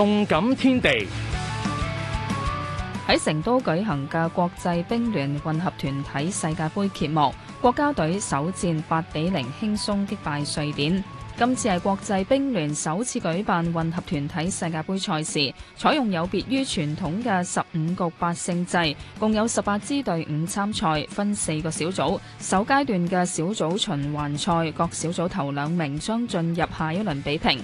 動感天地，喺成都舉行嘅國際乒聯混合團體世界盃揭幕，國家隊首戰八比零輕鬆擊敗瑞典。今次係國際乒聯首次舉辦混合團體世界盃賽事，採用有別於傳統嘅十五局八勝制，共有十八支隊伍參賽，分四個小組。首階段嘅小組循環賽，各小組頭兩名將進入下一輪比拼。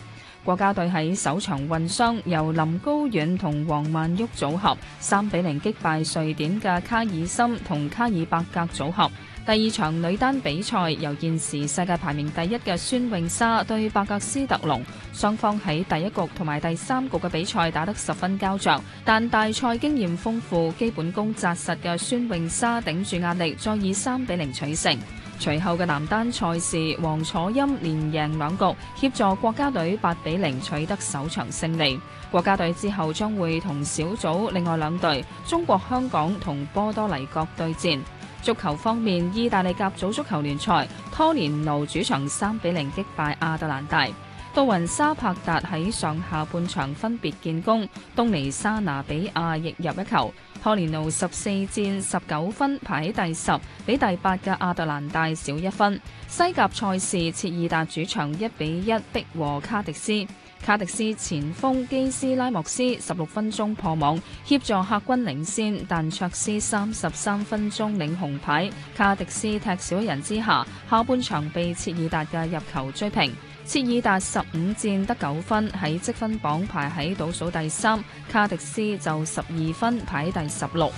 國家隊喺首場混雙由林高遠同王曼昱組合三比零擊敗瑞典嘅卡爾森同卡爾伯格組合。第二場女單比賽由現時世界排名第一嘅孫穎莎對伯格斯特龍，雙方喺第一局同埋第三局嘅比賽打得十分膠着，但大賽經驗豐富、基本功扎實嘅孫穎莎頂住壓力，再以三比零取勝。隨後嘅男單賽事，王楚欽連贏兩局，協助國家隊八比零取得首場勝利。國家隊之後將會同小組另外兩隊中國香港同波多黎各對戰。足球方面，意大利甲組足球聯賽，拖連奴主場三比零擊敗亞特蘭大。杜雲沙柏達喺上下半場分別建功，東尼沙拿比亞亦入一球。拖連奴十四戰十九分排喺第十，比第八嘅亞特蘭大少一分。西甲賽事，切爾達主場一比一逼和卡迪斯。卡迪斯前鋒基斯拉莫斯十六分鐘破網，協助客軍領先，但卓斯三十三分鐘領紅牌。卡迪斯踢少一人之下，下半場被切爾達嘅入球追平。切爾達十五戰得九分，喺積分榜排喺倒數第三。卡迪斯就十二分，排喺第十六。